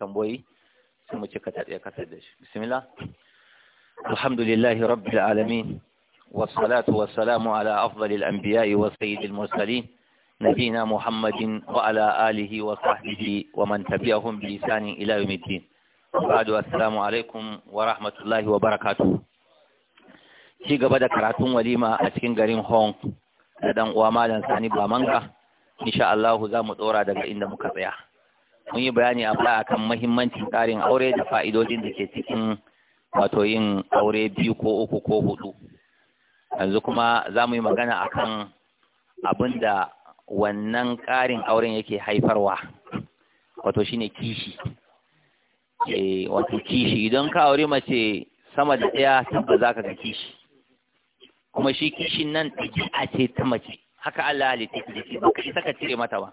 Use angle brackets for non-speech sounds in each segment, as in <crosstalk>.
tamboyi sai mu cika ta ɗaya kasar da shi bismillah alhamdulillahi rabbil alamin والصلاة والسلام على أفضل الأنبياء وسيد المرسلين نبينا محمد وعلى آله وصحبه ومن تبعهم بلسان yi. يوم الدين بعد السلام عليكم ورحمة الله وبركاته ci gaba da karatun walima a cikin garin Hong da dan uwa Malam Sani Bamanga insha Allah za mu tsora daga inda muka tsaya mun yi bayani a baya akan mahimmancin tsarin aure da fa'idodin da ke cikin wato yin aure biyu ko uku ko hudu yanzu kuma za mu yi magana akan abin da wannan ƙarin auren yake haifarwa wato shine kishi e, wato kishi idan ka aure mace sama da ɗaya tabba za ka ga kishi kuma shi kishin nan ɗabi'a ce ta mace haka Allah halitta ta jiki ba ka isa ka cire mata ba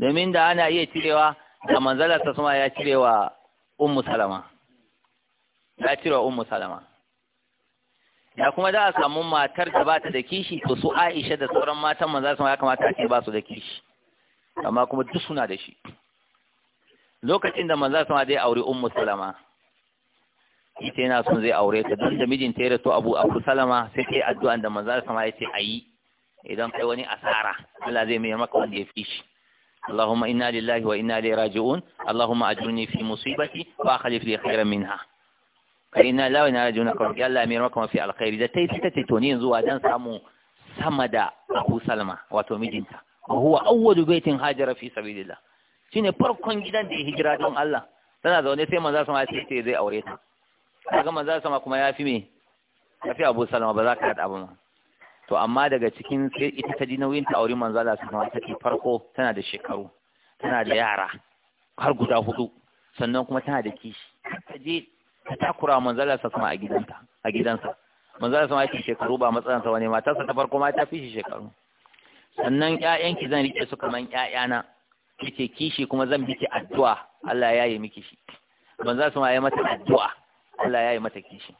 domin da ana iya cirewa da manzalar ta suma ya cirewa ummu salama ya cirewa ummu salama ya kuma za a samu matar da ba ta da kishi to su Aisha da sauran matan manzalar sama ya kamata ake ba su da kishi amma kuma duk suna da shi lokacin da manzalar sama zai aure ummu salama ita yana son zai aure ta don da mijin ta yi rasu abu abu salama sai ta yi addu'an da manzala sama ya ce a yi idan kai wani asara Allah zai mai maka wanda ya fi shi اللهم إنا لله وإنا إليه راجعون اللهم أجرني في مصيبتي وأخلف لي خيرا منها فإنا لا وإنا راجعون قولك يلا أمير مكما في الخير إذا تتتوني زوا دان سامو سمد أبو سلمة وتومجنتا وهو أول بيت هاجر في سبيل الله shine farkon gidan da ya hijira don Allah tana zaune sai manzo sama ya ce zai aure ta kaga manzo sama kuma ya fi me ya fi Abu Salama ba za ka hada ba to amma daga cikin sai ita ta ji nauyin ta auri manzo Allah sallallahu ta wasallam farko tana da shekaru tana da yara har guda hudu sannan kuma tana da kishi ta je ta takura manzo Allah sallallahu alaihi wasallam a gidanta a gidansa manzo Allah sallallahu alaihi shekaru ba matsalan sa bane matarsa ta farko ma ta fi shekaru sannan ƴaƴanki zan rike su kaman ƴaƴana kike kishi kuma zan biki addu'a Allah ya yi miki shi manzo Allah sallallahu ya mata addu'a Allah ya yi mata kishi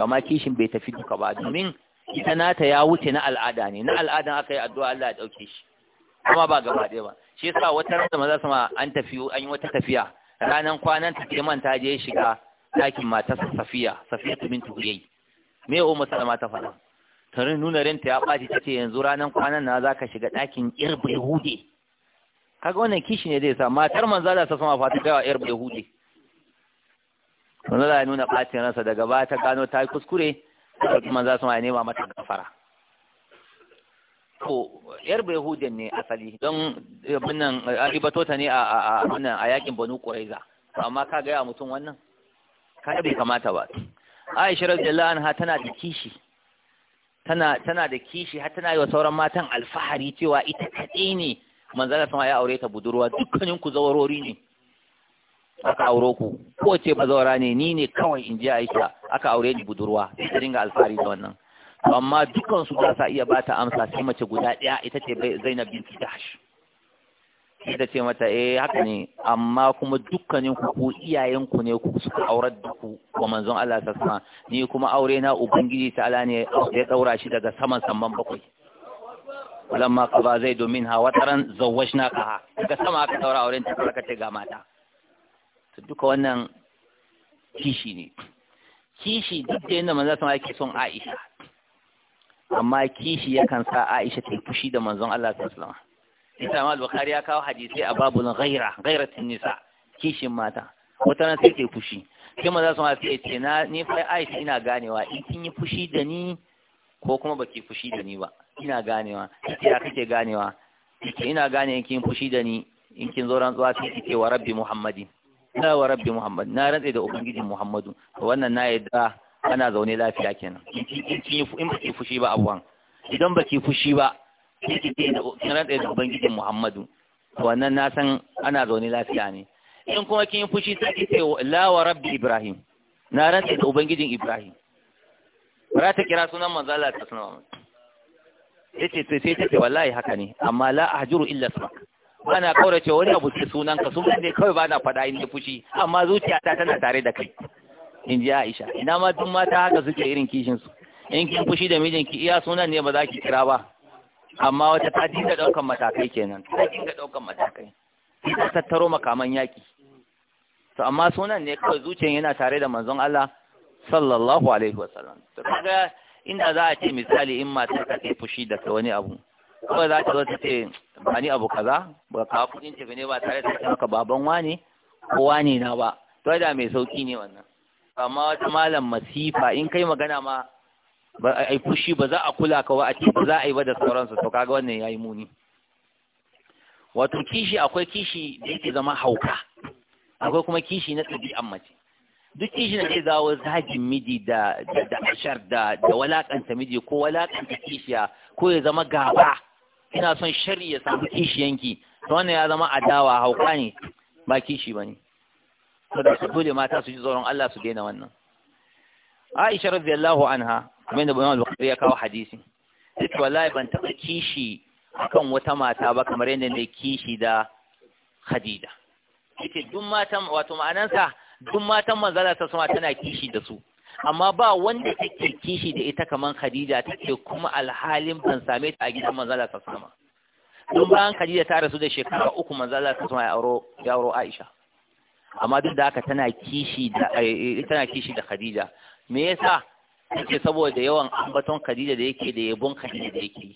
amma kishin bai tafi duka ba domin ita nata ya wuce na al'ada ne na al'adan aka yi addu'a Allah ya dauke shi kuma ba gaba ɗaya ba shi yasa wata ranta maza sama an tafi an yi wata tafiya ranan kwanan ta ke manta je shiga ɗakin matarsa Safiya Safiya bintu Huyay me umma Salama ta faɗa tare nuna ranta ya ɓaci tace yanzu ranan kwanan na zaka shiga ɗakin irbe Ka kaga wannan kishi ne zai sa matar manzo da ta sama fata ƴar irbe hude manzo da nuna ɓacin ransa daga baya ta gano ta yi kuskure ɗauki za su ma nema mata kafara ko yar bai hujjan ne asali don abinnan ribato ta ne a abinnan a yakin banu ƙuraiza amma ka gaya mutum wannan ka bai kamata ba aisha radiyallahu anha tana da kishi tana tana da kishi har tana yi wa sauran matan alfahari cewa ita kadai ne manzala sama ya aure ta budurwa dukkanin ku zawarori ne aka aure ku ko ce bazawara ne ni ne kawai in ji Aisha aka aure ni budurwa ta dinga alfahari da wannan amma dukan su za sa iya ba ta amsa sai mace guda ɗaya ita ce Zainab binti Jahsh ita ce mata eh haka ne amma kuma dukkanin ku ko iyayen ku ne ku suka aurar da ku wa manzon Allah sassa ni kuma aure na ubangiji ta'ala ne ya daura shi daga saman samman bakwai ولما قضى زيد منها وترا زوجناكها daga sama aka daura auren ta ka ce ga mata to duka wannan kishi ne kishi duk da yadda manzo sama yake son Aisha amma kishi yakan sa Aisha ta fushi da manzon Allah sallallahu alaihi wasallam ita ma al-Bukhari ya kawo hadisi a babul ghaira ghairatin nisa kishin mata wata nan sai ke fushi sai manzo sama sai ya ce na ni fa Aisha ina ganewa in kin yi fushi da ni ko kuma baki fushi da ni ba ina ganewa ita ya kake ganewa ina gane in kin fushi da ni in kin zo rantsuwa sai kike wa rabbi muhammadin na wa rabbi muhammad na rantse da ubangiji muhammadu wannan na yadda ana zaune lafiya kenan in ba ki fushi ba abuwan idan ba ki fushi ba ki rantse da ubangiji muhammadu wannan na san ana zaune lafiya ne in kuma kin yi fushi sai ki ce la wa rabbi ibrahim na rantse da ubangijin ibrahim bara ta kira sunan manzo Allah ta sunan yace sai sai ce wallahi haka ne amma la ahjuru illa sabak Bana na kaurace wani abu ce sunan ka sunan ne kawai ba na faɗa in da fushi amma zuciyata tana tare da kai in ji Aisha ina ma duk mata haka suke irin kishin su in kin fushi da mijinki iya sunan ne ba za ki kira ba amma wata ta dinga daukan matakai kenan ta dinga daukan matakai ta tattaro makaman yaki. to amma sunan ne kawai zuciyan yana tare da manzon Allah sallallahu alaihi wasallam to kaga inda za a ce misali in matar ta kai fushi da wani abu kuma za ta zo ta ce ba ni abu kaza ba ka kudin tafi ne ba tare da ta maka baban wani ko wani na ba to da mai sauki ne wannan amma wata malam masifa in kai magana ma ba a yi fushi ba za a kula ka ba a ce ba za a yi ba da sauransu to kaga wannan yayi muni wato kishi akwai kishi da yake zama hauka akwai kuma kishi na ɗabi'an mace duk kishin da zai zawo zagin miji da da ashar da walakanta miji ko walakanta kishiya ko ya zama gaba ina son shari ya samu kishiyanki ta wannan ya zama adawa hauka ne ba kishi ne. to da su dole mata su ji tsoron Allah su daina wannan Aisha radiyallahu anha kuma da al Bukhari ya kawo hadisi ita wallahi ban taba kishi akan wata mata ba kamar yadda ne kishi da Khadija kike duk mata wato ma'anansa duk matan manzala ta sama tana kishi da su amma ba wanda take kishi da ita kaman Khadija take kuma alhalin ban same ta a gidan manzala ta sama don bayan Khadija ta rasu da shekara uku manzala ta sama ya auro Aisha amma duk da haka tana kishi da eh, tana kishi da Khadija me yasa take saboda yawan ambaton Khadija da yake da yabon Khadija da yake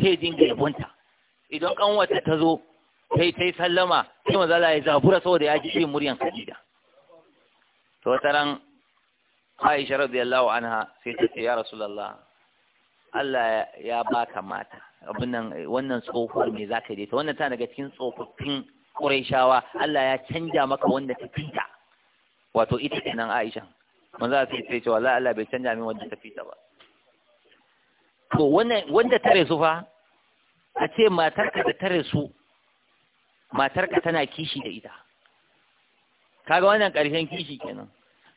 sai dinga yabonta idan kanwata ta zo sai ta sallama sai manzala ya zabura saboda ya ji muryan Khadija to taran Aisha radiyallahu anha sai ta ce ya Rasulullah Allah ya baka mata abin nan wannan tsohuwar me zaka je ta wannan ta daga cikin tsofaffin Qurayshawa Allah ya canja maka wanda ta fita wato ita kenan Aisha manzo sai ta ce wallahi Allah bai canja min wanda ta fita ba to wannan wanda ta resu fa a ce matarka da tare su matarka tana kishi da ita kaga wannan ƙarshen kishi kenan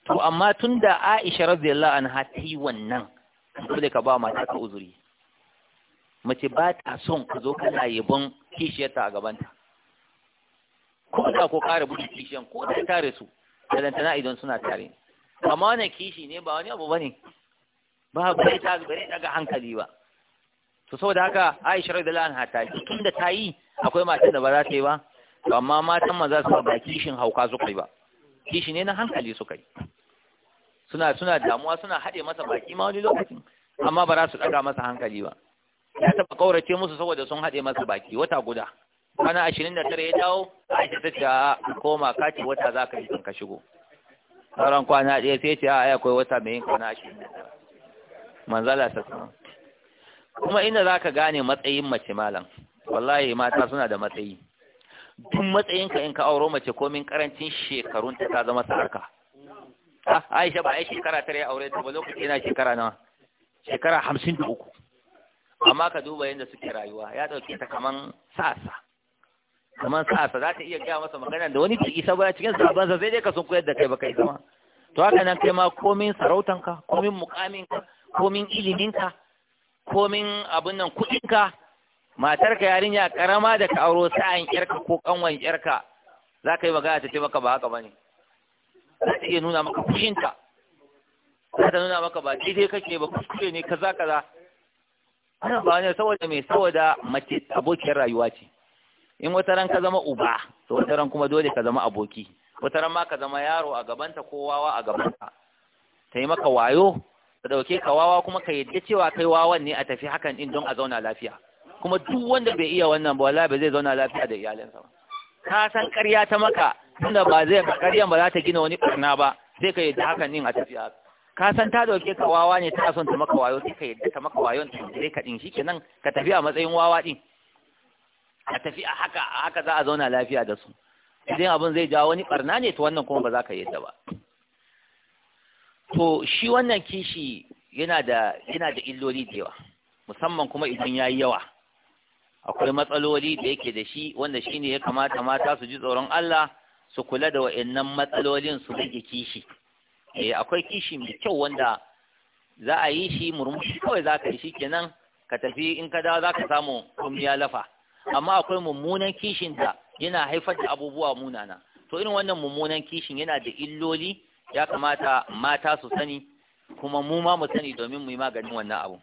to amma tun da Aisha radiyallahu anha ta yi wannan dole ka ba mata ka uzuri mace ba ta son ka zo kana yabon kishiyarta a gabanta ko da ko kare buɗe kishiyan ko da tare su da tana idan suna tare amma wannan kishi ne ba wani abu bane ba ba ta bare daga hankali ba to saboda haka Aisha radiyallahu anha ta yi tunda ta yi akwai matan da ba za ta yi ba to amma matan maza su ba kishin hauka su kai ba kishi ne na hankali suka yi suna suna damuwa suna haɗe masa baki ma wani lokacin amma ba za su ɗaga masa hankali ba ya taɓa ƙaurace musu saboda sun haɗe masa baki wata guda kwana ashirin da tara ya dawo a ce ta ce a koma kaci wata za ka yi ka shigo sauran kwana ɗaya sai ce a aya akwai wata mai yin kwana ashirin da tara manzala sa kuma inda za ka gane matsayin mace malam wallahi mata suna da matsayi duk matsayinka in ka auro mace komin karancin shekarun ta zama sarka ah, Aisha ba ai shekara tare ya aure ta ba lokaci yana shekara nawa shekara hamsin da uku amma ka duba yadda suke rayuwa ya ɗauke ta kaman sa'asa kaman sa'asa za ta iya gaya masa magana da wani bai isa ba cikin sabon sa sai dai ka sun koyar da kai ba kai zama to haka nan kai ma komin sarautanka komin mukaminka komin iliminka komin abin nan kuɗinka matar ka yarinya karama da ka auro sa'an yarka ko kanwan yarka za ka yi magana ta ce maka ba haka ba ne. za ta iya nuna maka fushinta za ta nuna maka ba daidai kake ba kuskure ne kaza kaza ana ba ne saboda mai saboda mace abokiyar rayuwa ce in wata ran ka zama uba to wata ran kuma dole ka zama aboki wata ran ma ka zama yaro a gabanta ko wawa a gabanta ta yi maka wayo ka dauke ka wawa kuma ka yadda cewa kai wawan ne a tafi hakan din don a zauna lafiya kuma duk wanda bai iya wannan ba wallahi ba zai zauna lafiya da iyalinsa ba ka san ƙarya ta maka tunda ba zai ƙaryan ba za ta gina wani ƙarna ba sai ka yadda hakan din a tafiya ka san ta dauke ka wawa ne ta son ta maka wayo sai ka yadda ta maka wayon sai ka din shikenan ka tafi a matsayin wawa din a tafi a haka a haka za a zauna lafiya da su idan abin zai jawo wani ɓarna ne to wannan kuma ba za ka yadda ba to shi wannan kishi yana da yana da illoli da yawa musamman kuma idan yayi yawa akwai matsaloli da yake da shi wanda shine ya kamata mata su ji tsoron Allah su kula da wa'annan matsalolin su rage kishi eh akwai kishi mai kyau wanda za a yi shi murmushi kawai za ka yi shi kenan ka tafi in ka dawo za ka samu ya lafa amma akwai mummunan kishin da yana haifar da abubuwa munana to irin wannan mummunan kishin yana da illoli ya kamata mata su sani kuma mu ma mu sani domin mu yi maganin wannan abu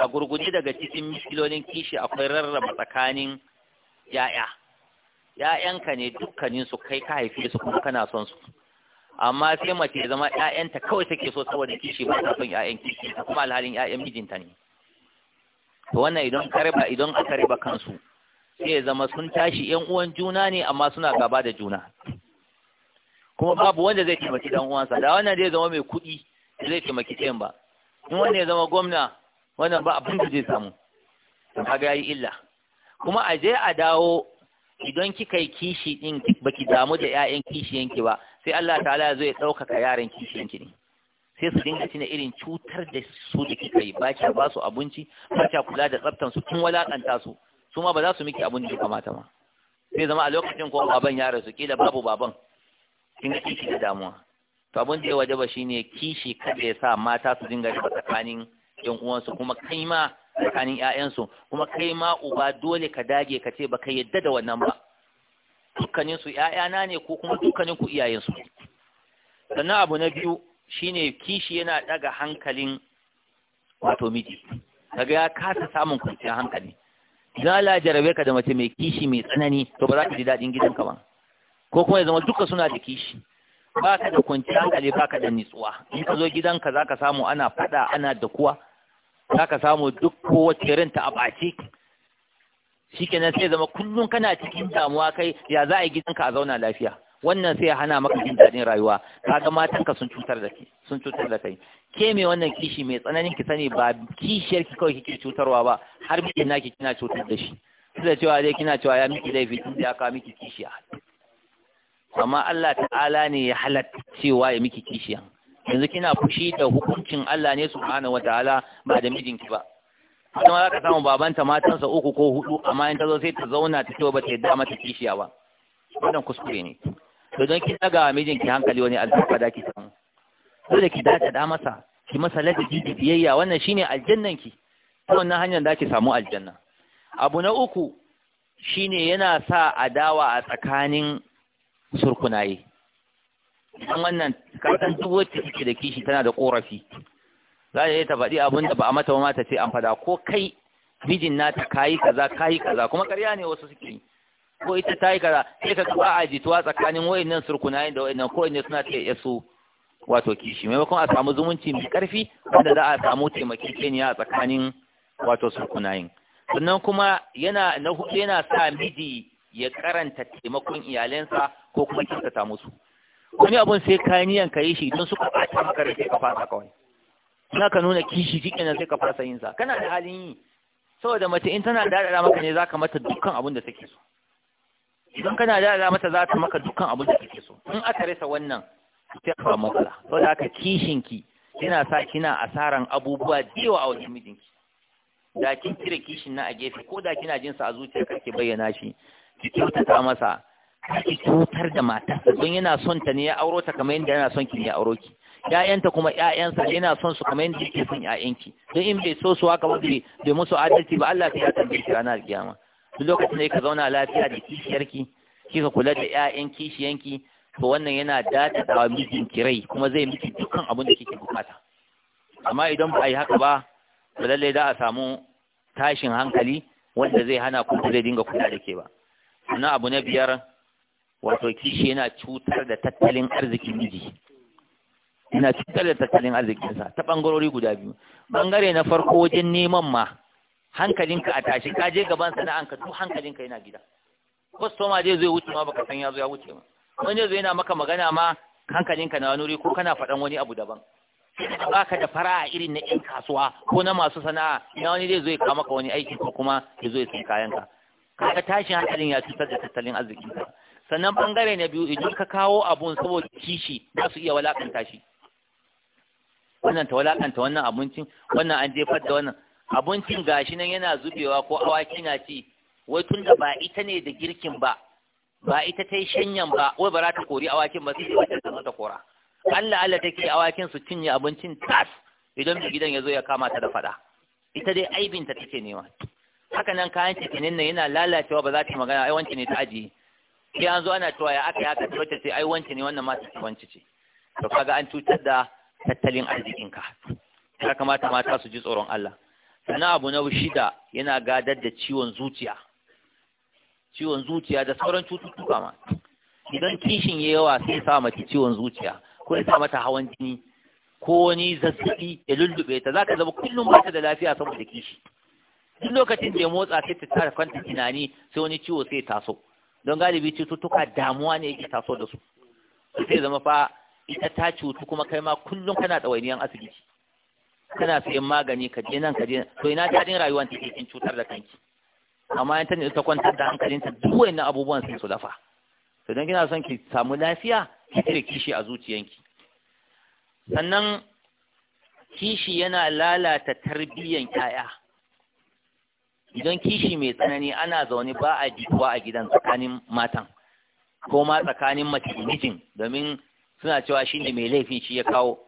a gurguje daga cikin miskilonin kishi akwai rarraba tsakanin ya'ya ya'yanka ne dukkanin su kai ka haife su kuma kana son su amma sai mace zama 'ya'yanta kawai take so saboda kishi ba ta son ya'yan kishi kuma alhalin 'ya'yan mijinta ne to wannan idan kareba idan aka riba kansu sai ya zama sun tashi 'yan uwan juna ne amma suna gaba da juna kuma babu wanda zai taimaki dan uwansa da wannan zai zama mai kuɗi zai taimaki ɗayan ba in wanda ya zama gwamna wannan ba abin da zai samu ga yi illa kuma a je a dawo idan kika yi kishi din baki damu da ƴaƴan kishiyanki ba sai Allah ta'ala ya zo ya ɗaukaka yaran kishiyanki ne sai su dinga tuna irin cutar da su da kika yi ba kya ba su abinci ba kya kula da tsaftan su kun walakanta su su ma ba za su miki abin da ya kamata ma sai zama a lokacin ko baban ya rasu kila babu baban kin kishi da damuwa to abin da ya wajaba shine kishi kada ya sa mata su dinga riba tsakanin yan uwansu kuma kai ma tsakanin ƴaƴansu kuma kai ma uba dole ka dage ka ce baka yadda da wannan ba dukkanin su ƴaƴana ne ko kuma dukkanin ku iyayen su sannan abu na biyu shine kishi yana daga hankalin wato miji kaga ya kasa samun kwanciyar hankali idan Allah ya jarabe ka da mace mai kishi mai tsanani to ba za ka ji daɗin gidanka ba ko kuma ya zama duka suna da kishi ba da kwanciyar hankali baka da nitsuwa in ka zo gidanka za ka samu ana faɗa ana da kuwa Zaka samu duk kowace ranta a ɓace shi kenan sai zama kullum kana cikin damuwa kai ya za a yi gidanka a zauna lafiya wannan sai ya hana maka jin daɗin rayuwa kaga matanka sun cutar da ke sun cutar da kai ke mai wannan kishi mai tsananin ki sani ba kishiyar ki kawai kike cutarwa ba har miki naki kina cutar da shi su da cewa dai kina cewa ya miki laifi tun da ya kawo miki kishiya amma Allah ta'ala ne ya halatta cewa ya miki kishiyan. yanzu kina fushi da hukuncin Allah ne subhanahu wataala ba da mijinki ba kuma za ka samu babanta matansa uku ko hudu amma in ta zo sai ta zauna ta ce ba ta yadda mata kishiya ba wannan kuskure ne to don ki daga mijinki hankali wani albarka da ki samu dole ki dace da masa ki masa ladabi da biyayya wannan shine aljannan ki ta wannan hanyar da ki samu aljanna abu na uku shine yana sa adawa a tsakanin surkunaye idan wannan Kaɗan duk wacce take da kishi tana da korafi za ta yi ta faɗi abin da ba a mata ba mata ce an faɗa ko kai mijin nata kayi kaza kayi kaza kuma ƙarya ne wasu suke yi ko ita ta yi kaza sai ka ba a jituwa tsakanin wayannan surkunayen da nan ko ne suna yi su wato kishi maimakon a samu zumunci mai ƙarfi, wanda za a samu taimakekeniya a tsakanin wato surkunayen sannan kuma yana na hudu yana sa miji ya karanta taimakon iyalansa ko kuma kyautata musu wani abun sai kayan niyan ka yi shi don suka ɓata maka da sai ka fasa kawai za ka nuna kishi cikin sai ka fasa yin sa kana da halin yi saboda mace in tana daɗaɗa maka ne za ka mata dukkan abun da take so idan kana daɗaɗa mata za ta maka dukkan abun da take so in aka rasa wannan sai ka kula saboda haka ki yana sa kina asaran abubuwa da yawa a wajen mijinki da kin kire kishin na a gefe ko da kina jin sa a zuciyarka ke bayyana shi ki kyautata masa kake da mata don yana son ta ne ya auro ta kamar yadda yana son ki ne ya auro ki ƴaƴanta kuma ƴaƴansa yana son su kamar yadda yake son ƴaƴanki don in bai so su haka ba bai bai musu adalci ba Allah sai ya tambaye ki ranar alkiyama duk lokacin da ka zauna lafiya da kishiyarki kika kula da ƴaƴan kishiyanki to wannan yana data da mijin kirai kuma zai miki dukkan abin da kike bukata amma idan ba a yi haka ba ba lallai za a samu tashin hankali wanda zai hana ku zai dinga kula da ke ba sannan abu na biyar wato kishi yana cutar da tattalin arziki miji yana cutar da tattalin arzikinsa ta bangarori guda biyu Bangare na farko wajen neman ma hankalinka a tashi ka je gaban sana'anka duk hankalinka yana gida kwastoma zai zo ya wuce ma baka san ya zo ya wuce ma wani zai yana maka magana ma hankalinka na wani ko kana faɗan wani abu daban baka da fara'a irin na 'yan kasuwa ko na masu sana'a ina wani zai zo ya kawo maka wani aiki ko kuma ya zo ya sayi kayanka kaga tashin hankalin ya cutar da tattalin arzikinka sannan bangare na biyu idan ka kawo abun saboda kishi za su iya walakanta shi wannan ta walakanta wannan abincin wannan an jefar da wannan abincin gashi nan yana zubewa ko awaki na ci wai tun da ba ita ne da girkin ba ba ita ta yi shanyan ba wai ba za ta kori awakin ba sai wata ta kora Allah Allah take awakin su cinye abincin tas idan mai gidan ya zo ya kama ta da fada ita dai aibinta take nema haka nan kayan cikinin nan yana lalacewa ba za ta magana ai wanci ne ta ajiye sai an zo ana cewa ya aka aka wata sai ai wance ne wannan mata wance ce to kaga an cutar da tattalin arzikinka ya kamata mata su ji tsoron Allah sannan abu na shida yana gadar da ciwon zuciya ciwon zuciya da sauran cututtuka ma idan kishin ya yawa sai sa mata ciwon zuciya ko ya sa mata hawan jini ko wani zazzabi ya lullube ta zaka zama kullum ba ta da lafiya saboda kishi duk lokacin da ya motsa sai ta tara kanta tunani sai wani ciwo sai taso don galibi cututtuka damuwa ne yake taso da su sai zama fa ita ta cutu kuma kai ma kullum kana ɗawainiyar asibiti kana sayan magani ka je nan ka je to ina daɗin rayuwar ta cikin cutar da kanki amma in ta ne ta kwantar da hankalinta duk na abubuwan sai su dafa to don kina son ki samu lafiya ki tare kishi a zuciyanki sannan kishi yana lalata tarbiyyan 'ya'ya. idan kishi mai tsanani ana zaune ba a jituwa a gidan tsakanin matan ko ma tsakanin mace da mijin domin suna cewa shi ne mai laifin shi ya kawo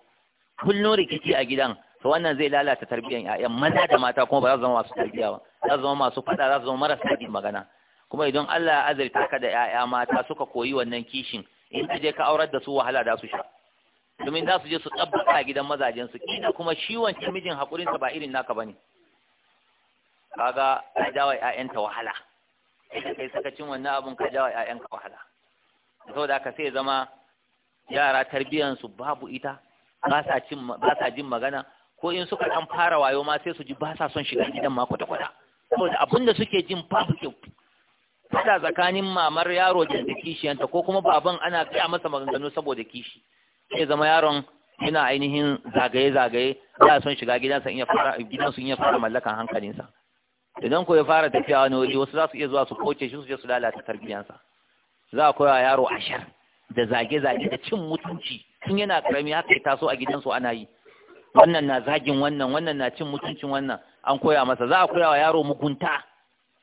kullum rikici a gidan to wannan zai lalata tarbiyyar ƴaƴan maza da mata kuma ba za su zama masu tarbiyya ba za su zama masu faɗa za su zama marasa yin magana kuma idan Allah ya azurta ka da ƴaƴa mata suka koyi wannan kishin in ka je ka aurar da su wahala da su sha domin za su je su tsabbaka a gidan mazajen su kina kuma shi wancan mijin hakurinsa ba irin naka bane ne kaga ka jawa ƴaƴanta wahala idan kai sakacin wannan abun ka jawa ƴaƴanka wahala saboda haka sai zama yara tarbiyyar su babu ita ba sa cin ba sa jin magana ko in suka ɗan fara wayo ma sai su ji ba sa son shiga gidan ma kwata-kwata saboda abin da suke jin babu kyau fada tsakanin mamar yaro da kishiyanta ko kuma baban ana gaya masa maganganu saboda kishi sai zama yaron yana ainihin zagaye-zagaye ya son shiga gidansa in ya fara gidansu in ya fara mallakan hankalinsa idan ko ya fara tafiya wani waje wasu za su iya zuwa su koce shi su je su lalata tarbiyansa za a koya yaro ashar da zage-zage da cin mutunci tun yana karami haka ya taso a gidansu ana yi wannan na zagin wannan wannan na cin mutuncin wannan an koya masa za a koya wa yaro mugunta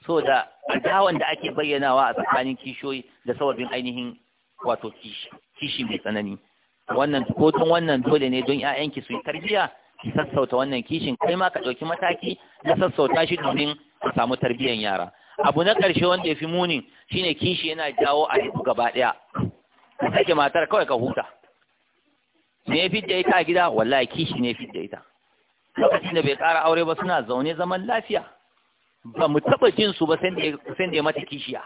so da adawan da ake bayyanawa a tsakanin kishiyoyi da sababin ainihin wato kishi mai tsanani wannan wannan dole ne don 'ya'yanki su yi tarbiyya ki sassauta wannan kishin kai ma ka ɗauki mataki na sassauta shi domin ka samu tarbiyyar yara abu na ƙarshe wanda ya fi muni shine kishi yana jawo a yanku gaba ɗaya ka sake matar kawai ka huta Me fi da ita a gida wallahi kishi ne da ita lokacin da bai ƙara aure ba suna zaune zaman lafiya ba mu taɓa jin su ba sai da ya mata kishiya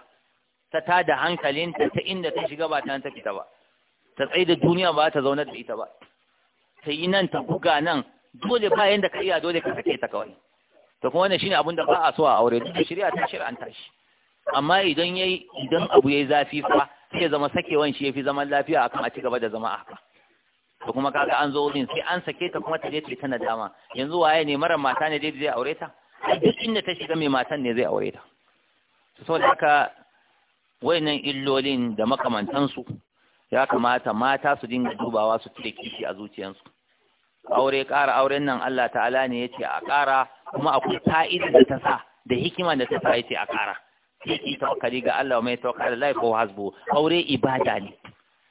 ta tada hankalinta ta inda ta shiga ba ta ta fita ba ta tsaye da duniya ba ta zaune da ita ba ta yi nan ta buga nan dole ba yadda ka iya dole ka sake ta kawai to kuma wannan shine abin da ba a so a aure duk shari'a ta shari'anta shi amma idan yayi idan abu yayi zafi fa sai zama sakewan shi yafi zaman lafiya akan a cigaba da zama a haka to kuma kaga an zo wurin sai an sake ta kuma ta je ta tana dama yanzu waye ne mara mata ne zai aure ta duk inda ta shiga mai matan ne zai aure ta saboda haka wayannan illolin da makamantansu ya kamata mata su dinga dubawa su cire kishi a zuciyarsu. aure ƙara auren nan Allah ta'ala ne ya ce a ƙara kuma akwai fa'ida da ta sa da hikima da ta sa ya ce a ƙara ki tawakkali ga Allah mai tawakkali lai ko hasbu aure ibada ne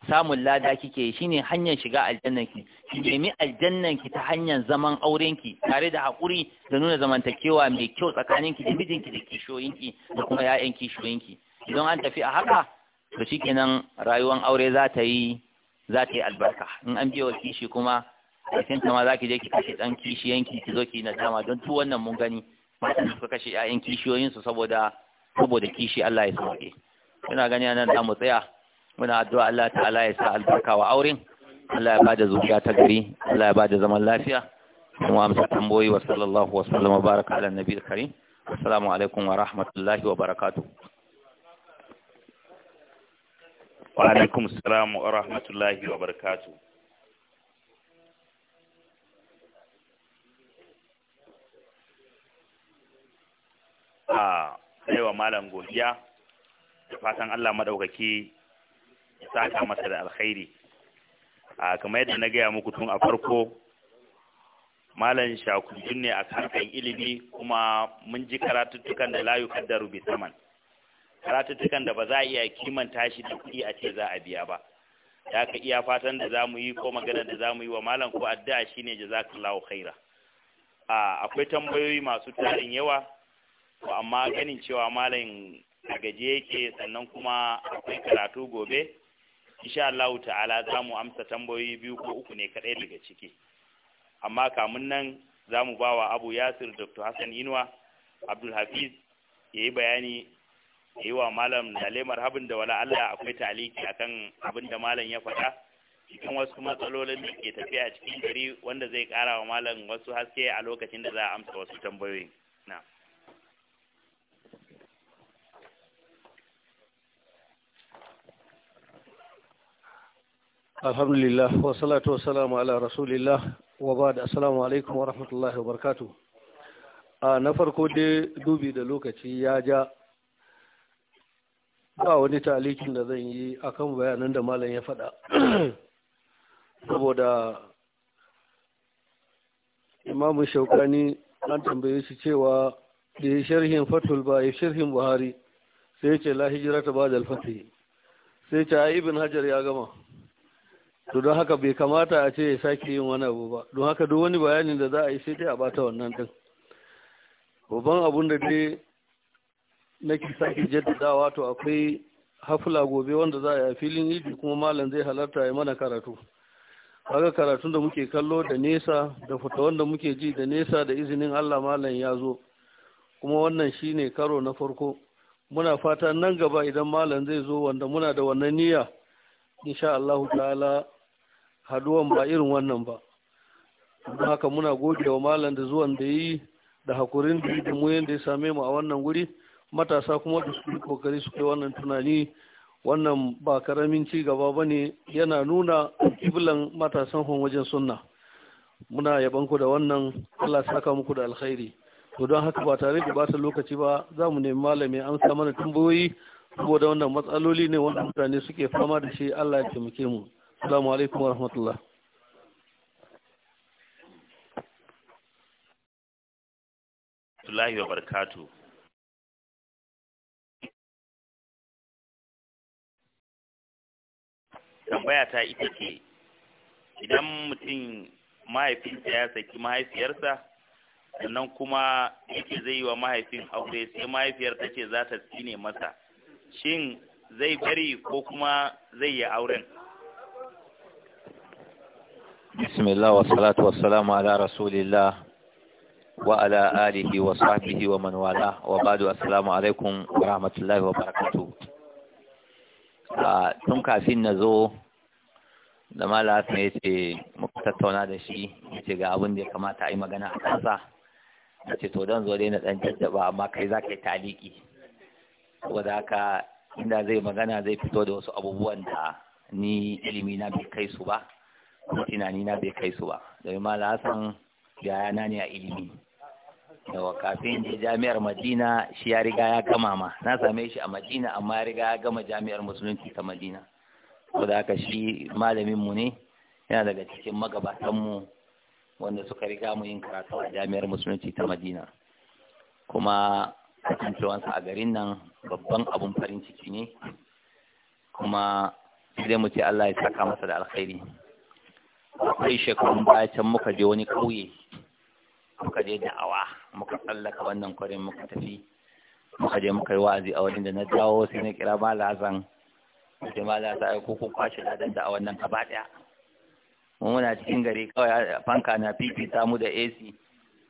samun lada kike shine hanyar shiga aljannan ki ki nemi aljannan ki ta hanyar zaman auren ki tare da hakuri da nuna zamantakewa mai kyau tsakanin ki da mijinki da kishoyin ki da kuma ƴaƴan kishoyin ki idan an tafi a haka to shikenan rayuwar aure za ta yi za ta yi albarka in an biya wa kishi kuma ƙarshen ta ma za ki je ki kashe ɗan kishiyanki ki zo ki na dama don tu wannan mun gani matan suka kashe ƴaƴan kishiyoyinsu saboda saboda kishi Allah ya sauke Kuna gani anan da mu tsaya muna addu'a Allah ta'ala ya sa albarka wa auren Allah ya bada zuciya ta gari Allah ya bada zaman lafiya mu amsa tamboyi wa sallallahu wa sallama baraka ala nabiyil karim assalamu alaikum wa rahmatullahi wa barakatuh wa alaikum assalam wa rahmatullahi wa barakatuh a wa malam godiya da fatan Allah madaukaki ya saka masa da alkhairi a kamar yadda na gaya muku tun a farko malam shakujin ne a harkar ilimi kuma mun ji karatuttukan da layu kaddaru bi saman karatuttukan da ba za a iya kimanta shi da kuɗi a ce za a biya ba ya ka iya fatan da zamu yi ko magana da zamu yi wa malam ko addu'a shine jazakallahu khaira a akwai tambayoyi masu tarin yawa to amma ganin cewa malam a gaje yake sannan kuma akwai karatu gobe insha Allah ta'ala za mu amsa tambayoyi biyu ko uku ne kadai daga ciki amma kamun nan za mu ba wa abu yasir dr hassan inuwa abdul hafiz ya yi bayani ya yi wa malam dale habin da wala Allah akwai taliki akan abin da malam ya faɗa cikin wasu matsalolin da ke tafiya cikin gari wanda zai ƙara wa malam wasu haske a lokacin da za a amsa wasu tambayoyin na alhamdulillah wa salatu wa salamu ala rasulillah wa ba da assalamu alaikum wa rahmatullahi wa barkatu na farko dai dubi da lokaci ya ja ba wani talikin da zan yi a kan bayanan da malam ya faɗa <clears throat> saboda imamu shaukani an tambaye su cewa da ya sharhin fatul ba ya sharhin buhari sai ce lahijira ta ba da alfafi sai ce ibn hajar ya gama to don haka bai kamata a ce ya sake yin wani abu ba don haka duk wani bayanin da za a yi sai dai a bata wannan din babban abun da dai nake sake jaddadawa to akwai hafula gobe wanda za a yi a filin idi kuma malam zai halarta ya mana karatu kaga karatun da muke kallo da nesa da fita wanda muke ji da nesa da izinin Allah malam ya zo kuma wannan shine karo na farko muna fata nan gaba idan malam zai zo wanda muna da wannan niyya insha Allah ta'ala haduwan ba irin wannan ba don haka muna gode wa malam da zuwan da yi da hakurin da yi da mu yadda ya same mu a wannan guri matasa kuma da su kokari su kai wannan tunani wannan ba karamin ci gaba ba ne yana nuna kiblan matasan hon wajen sunna muna yaban ku da wannan Allah saka muku da alkhairi to don haka ba tare da bata lokaci ba za mu nemi malami an sa mana tambayoyi saboda wannan matsaloli ne wanda mutane suke fama da shi Allah ya taimake mu السلام عليكم ورحمة الله الله وبركاته tambaya ta ita ce idan mutum mahaifinsa ya saki mahaifiyarsa sannan kuma yake zai yi wa mahaifin aure sai mahaifiyar ta ce za ta tsine masa shin zai bari ko kuma zai yi auren بسم الله والصلاة والسلام على رسول الله وعلى آله وصحبه ومن والاه وبعد السلام عليكم ورحمة الله وبركاته tun kafin na zo da malasa ya ce muka tattauna da shi ya ce ga abin da ya kamata a yi magana a kansa ya to don zo dai na ɗan jaddaba amma kai za ka yi taliki saboda haka inda zai magana zai fito da wasu abubuwan da ni ilimi na bai kai su ba kuma tunani na bai kai su ba da la san yaya na ne a ilimi yawa kafin je jami'ar madina shi ya riga ya gama ma na same shi a madina amma ya riga ya gama jami'ar musulunci ta madina ko da haka shi malaminmu ne yana daga cikin magabatan mu wanda suka riga mu yin karatu a jami'ar musulunci ta madina kuma kasancewansa a garin nan babban abun farin ciki ne kuma sai mu ce Allah ya saka masa da alkhairi akwai shekarun bayan muka je wani ƙauye muka je da'awa muka tsallaka wannan kwarin muka tafi muka je muka yi wa'azi a wajen da na dawo sai na kira malazan da malazan ai ko kun kwashe da a wannan gaba daya mu muna cikin gari kawai fanka na fifita mu da AC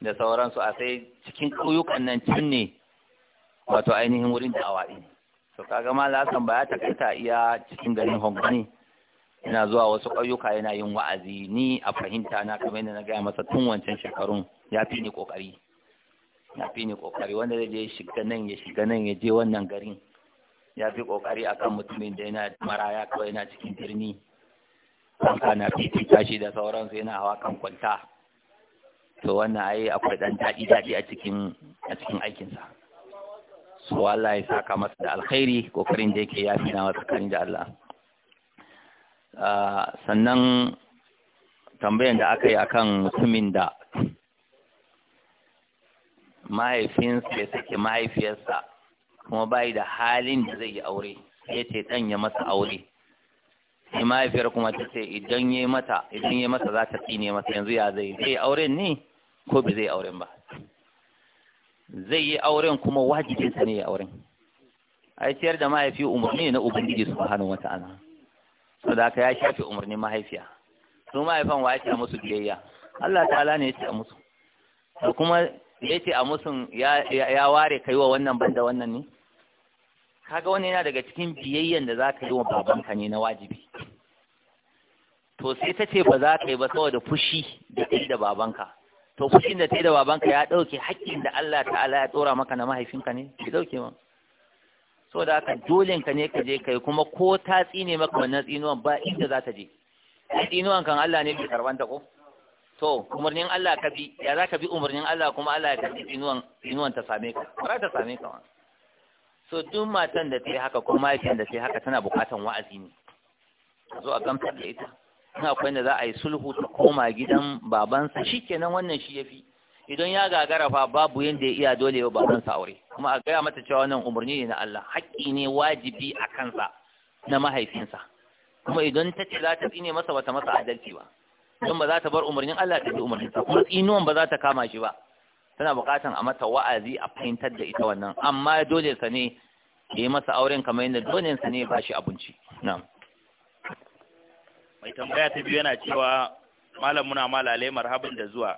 da sauransu a sai cikin ƙauyukan nan cin ne wato ainihin wurin da'awa ɗin to kaga malazan ba ya takaita iya cikin garin Hong Kong yana zuwa wasu ƙauyuka yana yin wa'azi ni a fahimta na kamar yadda na gaya masa tun wancan shekarun ya fi ni ƙoƙari ya fi ni ƙoƙari wanda zai je shiga nan ya shiga nan ya je wannan garin ya fi ƙoƙari akan mutumin da yana maraya kawai yana cikin birni kanka na fifita tashi da sauransu yana hawa kan kwanta to wannan ai akwai ɗan daɗi daɗi a cikin a cikin aikinsa so Allah ya saka masa da alkhairi kokarin da yake ya fi na tsakanin da Allah Ah, sannan tambayan da aka yi kan mutumin da mahaifinsa ya sake mahaifiyarsa kuma bayi da halin da zai yi aure ya ce ɗan ya masa aure sai mahaifiyar kuma ta ce idan ya mata idan ya masa za ta tsine masa yanzu ya zai zai auren ne ko bai zai auren ba zai yi auren kuma wajibinsa ne ya auren ai ciyar da mahaifi umarni ne na ubangiji subhanahu wata'ala da aka ya shafi umarnin mahaifiya su mahaifan wa ce a musu biyayya Allah ta'ala ne ce a musu da kuma yace a musun ya ware ka yi wa wannan banda wannan ne kaga wani yana daga cikin biyayyan da za ka yi wa babanka ne na wajibi to sai ta ce ba za ka yi ba saboda fushi da kai da babanka to fushin da ta yi da babanka ya ɗauke haƙƙin da Allah ta'ala ya tsora maka na mahaifinka ne ki ɗauke ma da aka dole ka ne ka je kai kuma ko ta tsine maka wannan tsinuwan ba inda za ta je tsinuwan kan Allah ne bai karbanta ta ko to umarnin Allah ka bi ya za ka bi umarnin Allah kuma Allah ya ta tsinuwan tsinuwan ta same ka ba ta same ka ma so duk matan da ta yi haka ko mahaifiyar da ta yi haka tana bukatan wa'azi ne a zo a gamsar da ita in akwai da za a yi sulhu ta koma gidan babansa shikenan wannan shi ya fi idan ya gagara fa babu yanda ya iya dole ba zan sa aure kuma a gaya mata cewa wannan umarni ne na Allah haƙƙi ne wajibi a kansa na mahaifinsa kuma idan ta ce za ta tsine masa bata masa adalci ba don ba za ta bar umarnin Allah ta bi umarninsa kuma tsinuwan ba za ta kama shi ba tana buƙatan a mata wa'azi a fahimtar da ita wannan amma dole sa ne ya yi masa auren kamar yadda dole sa ne ba shi abinci na'am mai tambaya ta biyu yana cewa malam muna malalai marhabin da zuwa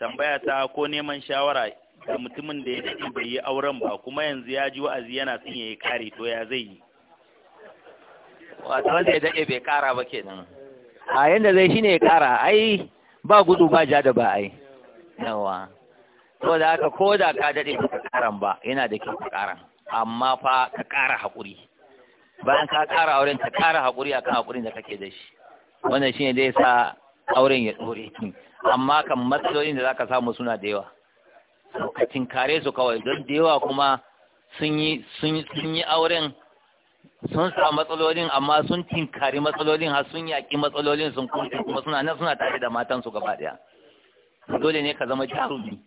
tambaya ta ko neman shawara da mutumin da ya daɗe bai yi auren ba kuma yanzu ya ji wa'azi yana son ya yi kare to ya zai yi wato wanda ya daɗe bai kara ba ke nan, a yanda zai shi ne ya kara ai ba gudu ba ja da ba ai yawa to da haka ko da ka daɗe ba ka karan ba yana da kyau ka karan amma fa ka kara haƙuri bayan ka kara auren ka kara haƙuri akan haƙurin da kake da shi wannan da zai sa auren ya ɗore. amma kan matsalolin da zaka samu suna da yawa lokacin kare su kawai don da yawa kuma sun yi sun yi auren sun sa matsalolin amma sun tinkari matsalolin har sun yaƙi matsalolin sun kuma suna nan suna tare da matansu gaba daya dole ne ka zama jarumi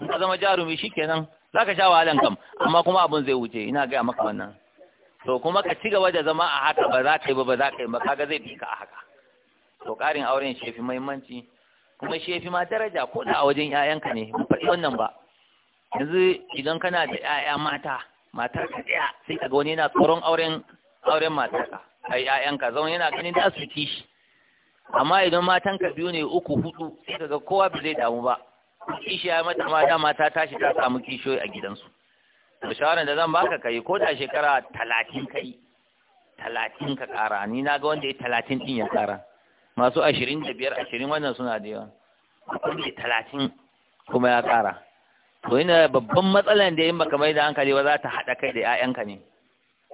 in ka zama jarumi shikenan za ka sha wahalan kam amma kuma abin zai wuce ina gaya maka wannan to kuma ka ci gaba da zama a haka ba za ka yi ba ba za ka yi ba kaga zai bi ka a haka to ƙarin auren shi fi muhimmanci kuma shi ya fi ma daraja ko da a wajen 'ya'yanka ne ba faɗi wannan ba yanzu idan kana da 'ya'ya mata matar ka ɗaya sai ka ga wani yana tsoron auren auren matarka ai 'ya'yanka zama yana ganin da su kishi amma idan matanka biyu ne uku hudu sai ka ga kowa ba zai damu ba kishi ya mata ma ta tashi ta samu kishiyoyi a gidansu to shawaran da zan baka kai ko da shekara talatin kai talatin ka ƙara ni na ga wanda ya talatin din ya ƙara masu ashirin da biyar ashirin wannan suna da yawa akwai da talatin kuma ya ƙara to yana babban matsalan da yin baka mai da hankali ba za ta haɗa kai da 'ya'yanka ne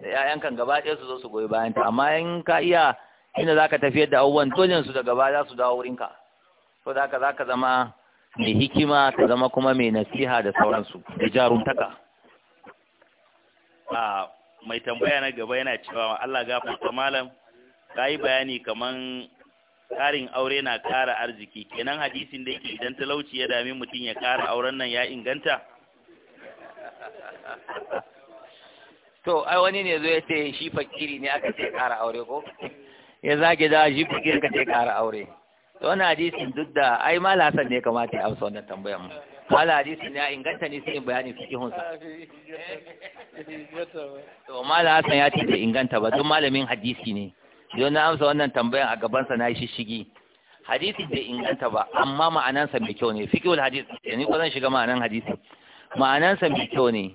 da 'ya'yankan gaba ɗaya su zo su goyi bayan ta amma in ka iya inda za ka tafiyar da abubuwan dole su da gaba za su dawo ka ko da haka za ka zama mai hikima ka zama kuma mai nasiha da sauransu da jaruntaka a mai tambaya na gaba yana cewa Allah gafarta malam ka yi bayani kaman ƙarin aure na ƙara arziki kenan hadisin da yake idan talauci ya dami mutum ya ƙara auren nan ya inganta to ai wani ne zo ya ce shi fakiri ne aka ce ƙara aure ko ya zage da shi fakiri ka ce ƙara aure to wani hadisin duk da ai mal hasan ne kamata ya amsa wannan tambayar mu mal hadisin ya inganta ne sai bayani fikihun hunsa to mal hasan ya ce inganta ba duk malamin hadisi ne Yau na amsa wannan tambayan a gabansa na yi shishigi. Hadisi bai inganta ba, amma ma'anansa mai kyau ne. Fikiwul hadisi, yanzu ko zan shiga ma'anan hadisi. Ma'anansa mai kyau ne.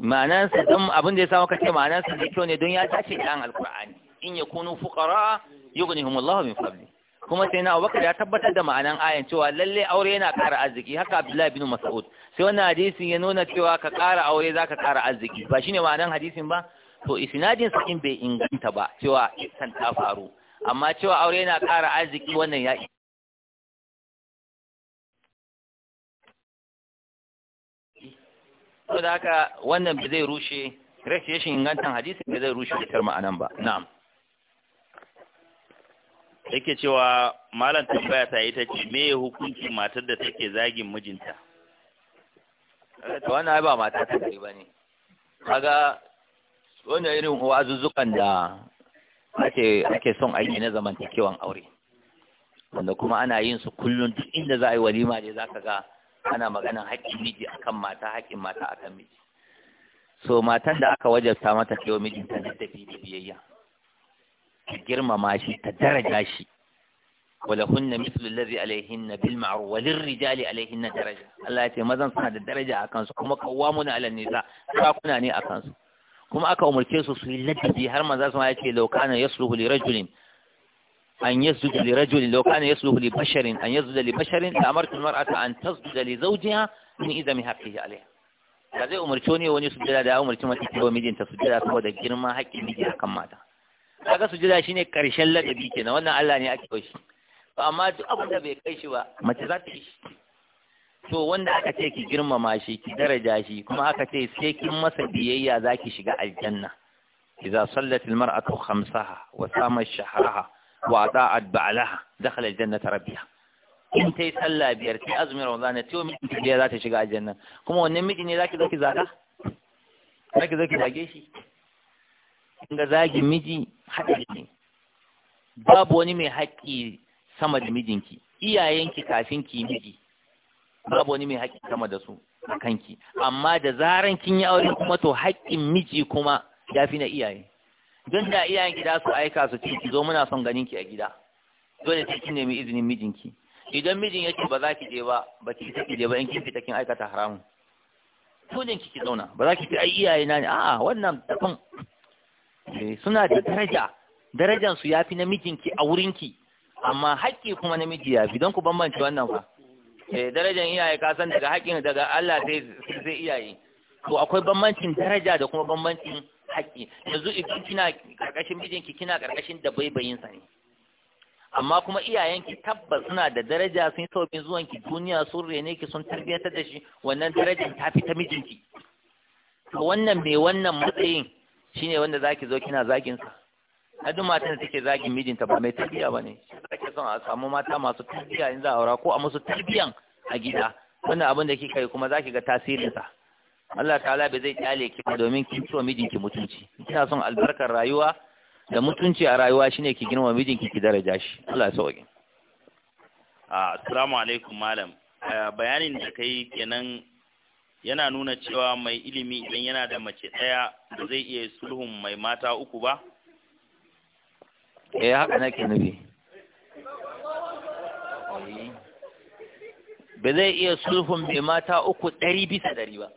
Ma'anansa don abin da ya samu kace ma'anansa mai kyau ne don ya tashi ɗan alkur'ani. In ya kunu fuqara yughnihumullahu min fadli. kuma sai na Abubakar ya tabbatar da ma'anan ayan cewa lalle aure yana ƙara arziki haka Abdullahi bin Mas'ud sai wannan hadisin ya nuna cewa ka ƙara aure zaka ƙara arziki ba shine ma'anan hadisin ba to isinadin sakin bai inganta ba cewa isan ta faru amma cewa aure yana ƙara arziki wannan ya to da haka wannan ba zai rushe rashin ingantan hadisin ba zai rushe fitar ma'anan ba na'am yake cewa malam tambaya ta ta ce me hukunci matar da take zagin mijinta eh, wannan ai ba mata ta kai ne kaga wannan irin azuzukan da ake ake son aiki na zamantakewan aure wanda kuma ana yin su kullum duk inda za a yi walima ne za ka ga ana maganan haƙƙin miji akan mata haƙƙin mata akan miji so matan da aka wajabta mata kai mijinta da da biyayya ta girmama shi ta daraja shi wala hunna mithlu allazi alaihinna bil ma'ruf lir rijali alaihinna daraja Allah ya ce mazan suna da daraja akan su kuma qawwamuna ala nisa kuna ne akan su kuma aka umarce su su yi ladabi har manzo sun ya ce lokana kana yasluhu li rajulin an su li rajulin lokana kana yasluhu li basharin an yasjud li basharin la amartu al mar'ata an tasjud li zawjiha min idami haqqihi alayha da zai umarci ne wani sujjada da umarci mace ta yi mijinta sujjada saboda girman haƙƙin miji akan mata kaga sujjada shine karshen ladabi kenan wannan Allah ne ake koshi amma duk abin da bai kai shi ba mace za ta yi shi to wanda aka ce ki girmama shi ki daraja shi kuma aka ce sai kin masa biyayya zaki shiga aljanna idza sallat almar'atu khamsaha wa sama shahraha wa ata'at ba'laha dakhala aljannata rabbiha in tai salla biyar ki azumin ramadan ta yau miki biyar za ta shiga aljanna kuma wannan miji ne zaki zaki zaka zaki zaki zage shi inda zagi miji hadari babu wani mai haƙƙi sama da mijinki iyayenki kafin ki miji babu wani mai haƙƙi sama da su a kanki amma da zaran kin yi aure kuma to haƙƙin miji kuma ya fi na iyaye don da iyayen gida su aika su ce zo muna son ganin ki a gida dole sai kin nemi izinin mijinki idan mijin yake ba za ki je ba ba ki fita ki je ba in kin fita kin aikata haramun dole ki ki zauna ba za ki ce ai iyaye na ne a'a wannan kan. Eh, suna da daraja Darajansu ya fi na mijinki a wurinki amma haƙƙi kuma na miji fi, don ku bambance wannan fa Eh, darajar iyaye ka san daga haƙin daga Allah sai sai iyaye to akwai bambancin daraja da kuma bambancin haƙi yanzu idan kina karkashin mijinki kina karkashin da sa ne amma kuma iyayenki tabbas suna da daraja sun zuwan zuwanki duniya sun rene ki sun tarbiyyantar da shi wannan darajar ta fi ta mijinki to wannan mai wannan matsayin shine wanda zaki zo kina zagin sa a duk matan da take zagin mijinta ba mai tarbiya ba ne ake son a samu mata masu tarbiya in za a aura ko a musu tarbiyan a gida wannan abin da kika yi kuma za ki ga sa. Allah ta'ala bai zai kyale ki ba domin kin ciwa mijinki mutunci kina son albarkar rayuwa da mutunci a rayuwa shine ki girma mijinki ki daraja shi Allah ya sauke assalamu alaikum malam bayanin da kai kenan yana nuna cewa mai ilimi idan yana da mace ɗaya ba zai iya sulhun mai mata uku ba eh haka nake nufi ba zai iya sulhun mai mata uku ɗari bisa ɗari ba